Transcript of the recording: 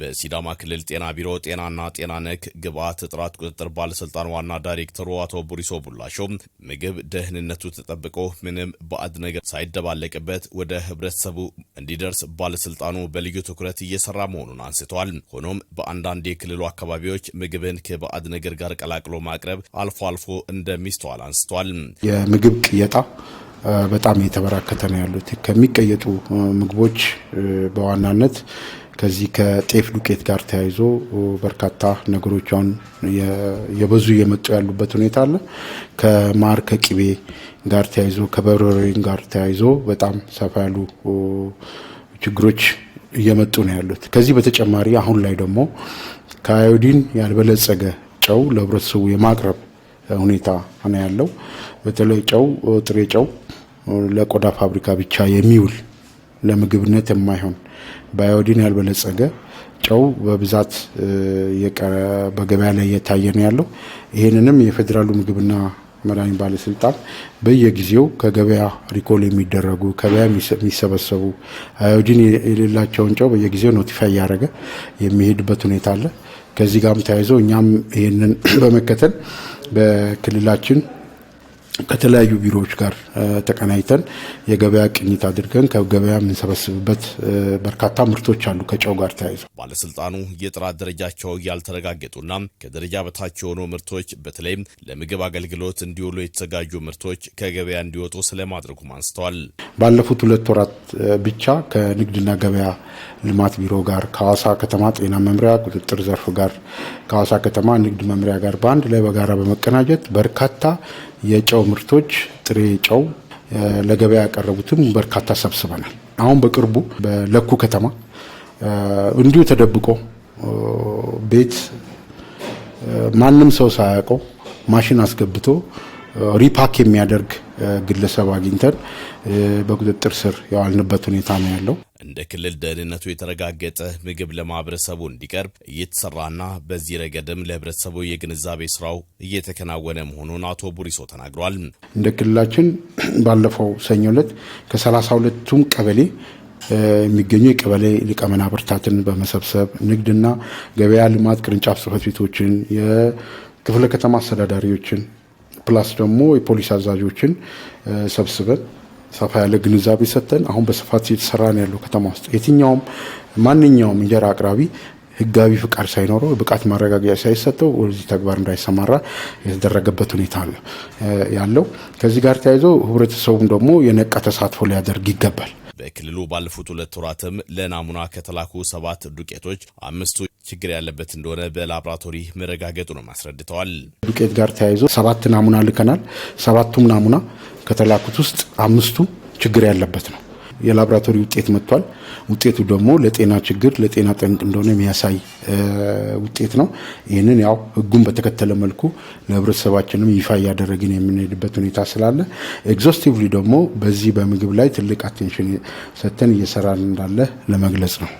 በሲዳማ ክልል ጤና ቢሮ ጤናና ጤና ነክ ግብአት ጥራት ቁጥጥር ባለስልጣን ዋና ዳይሬክተሩ አቶ ቡሪሶ ቡላሾ ምግብ ደህንነቱ ተጠብቆ ምንም ባዕድ ነገር ሳይደባለቅበት ወደ ህብረተሰቡ እንዲደርስ ባለስልጣኑ በልዩ ትኩረት እየሰራ መሆኑን አንስተዋል። ሆኖም በአንዳንድ የክልሉ አካባቢዎች ምግብን ከባዕድ ነገር ጋር ቀላቅሎ ማቅረብ አልፎ አልፎ እንደሚስተዋል አንስተዋል። የምግብ ቅየጣ በጣም እየተበራከተ ነው ያሉት። ከሚቀየጡ ምግቦች በዋናነት ከዚህ ከጤፍ ዱቄት ጋር ተያይዞ በርካታ ነገሮች አሁን የበዙ እየመጡ ያሉበት ሁኔታ አለ። ከማር ከቂቤ ጋር ተያይዞ ከበርበሬን ጋር ተያይዞ በጣም ሰፋ ያሉ ችግሮች እየመጡ ነው ያሉት። ከዚህ በተጨማሪ አሁን ላይ ደግሞ ከአዮዲን ያልበለጸገ ጨው ለህብረተሰቡ የማቅረብ ሁኔታ ነው ያለው። በተለይ ጨው ጥሬ ጨው ለቆዳ ፋብሪካ ብቻ የሚውል ለምግብነት የማይሆን በአዮዲን ያልበለጸገ ጨው በብዛት በገበያ ላይ እየታየ ነው ያለው። ይህንንም የፌዴራሉ ምግብና መድኃኒት ባለስልጣን በየጊዜው ከገበያ ሪኮል የሚደረጉ ከበያ የሚሰበሰቡ አዮዲን የሌላቸውን ጨው በየጊዜው ኖቲፋይ እያደረገ የሚሄድበት ሁኔታ አለ። ከዚህ ጋርም ተያይዞ እኛም ይህንን በመከተል በክልላችን ከተለያዩ ቢሮዎች ጋር ተቀናይተን የገበያ ቅኝት አድርገን ከገበያ የምንሰበስብበት በርካታ ምርቶች አሉ። ከጨው ጋር ተያይዘ ባለስልጣኑ የጥራት ደረጃቸው ያልተረጋገጡና ከደረጃ በታች የሆኑ ምርቶች በተለይም ለምግብ አገልግሎት እንዲውሉ የተዘጋጁ ምርቶች ከገበያ እንዲወጡ ስለማድረጉም አንስተዋል። ባለፉት ሁለት ወራት ብቻ ከንግድና ገበያ ልማት ቢሮ ጋር ከሐዋሳ ከተማ ጤና መምሪያ ቁጥጥር ዘርፍ ጋር ከሐዋሳ ከተማ ንግድ መምሪያ ጋር በአንድ ላይ በጋራ በመቀናጀት በርካታ የጨው ምርቶች ጥሬ ጨው ለገበያ ያቀረቡትም በርካታ ሰብስበናል። አሁን በቅርቡ በለኩ ከተማ እንዲሁ ተደብቆ ቤት ማንም ሰው ሳያውቀው ማሽን አስገብቶ ሪፓክ የሚያደርግ ግለሰብ አግኝተን በቁጥጥር ስር የዋልንበት ሁኔታ ነው ያለው። እንደ ክልል ደህንነቱ የተረጋገጠ ምግብ ለማህበረሰቡ እንዲቀርብ እየተሰራና በዚህ ረገድም ለህብረተሰቡ የግንዛቤ ስራው እየተከናወነ መሆኑን አቶ ቡሪሶ ተናግሯል። እንደ ክልላችን ባለፈው ሰኞ ዕለት ከሰላሳ ሁለቱም ቀበሌ የሚገኙ የቀበሌ ሊቀመናብርታትን በመሰብሰብ ንግድና ገበያ ልማት ቅርንጫፍ ጽህፈት ቤቶችን፣ የክፍለ ከተማ አስተዳዳሪዎችን ፕላስ ደግሞ የፖሊስ አዛዦችን ሰብስበን ሰፋ ያለ ግንዛቤ ሰጠን። አሁን በስፋት እየተሰራ ነው ያለው ከተማ ውስጥ የትኛውም ማንኛውም እንጀራ አቅራቢ ህጋዊ ፍቃድ ሳይኖረው ብቃት ማረጋገጫ ሳይሰጠው ወደዚህ ተግባር እንዳይሰማራ የተደረገበት ሁኔታ አለ ያለው። ከዚህ ጋር ተያይዞ ህብረተሰቡም ደግሞ የነቃ ተሳትፎ ሊያደርግ ይገባል። በክልሉ ባለፉት ሁለት ወራትም ለናሙና ከተላኩ ሰባት ዱቄቶች አምስቱ ችግር ያለበት እንደሆነ በላቦራቶሪ ነው አስረድተዋል። ዱቄት ጋር ተያይዞ ሰባት ናሙና ልከናል። ሰባቱም ናሙና ከተላኩት ውስጥ አምስቱ ችግር ያለበት ነው። የላቦራቶሪ ውጤት መጥቷል። ውጤቱ ደግሞ ለጤና ችግር ለጤና ጠንቅ እንደሆነ የሚያሳይ ውጤት ነው። ይህንን ያው ህጉን በተከተለ መልኩ ለህብረተሰባችንም ይፋ እያደረግን የምንሄድበት ሁኔታ ስላለ ኤግዞስቲቭሊ ደግሞ በዚህ በምግብ ላይ ትልቅ አቴንሽን ሰጥተን እየሰራን እንዳለ ለመግለጽ ነው።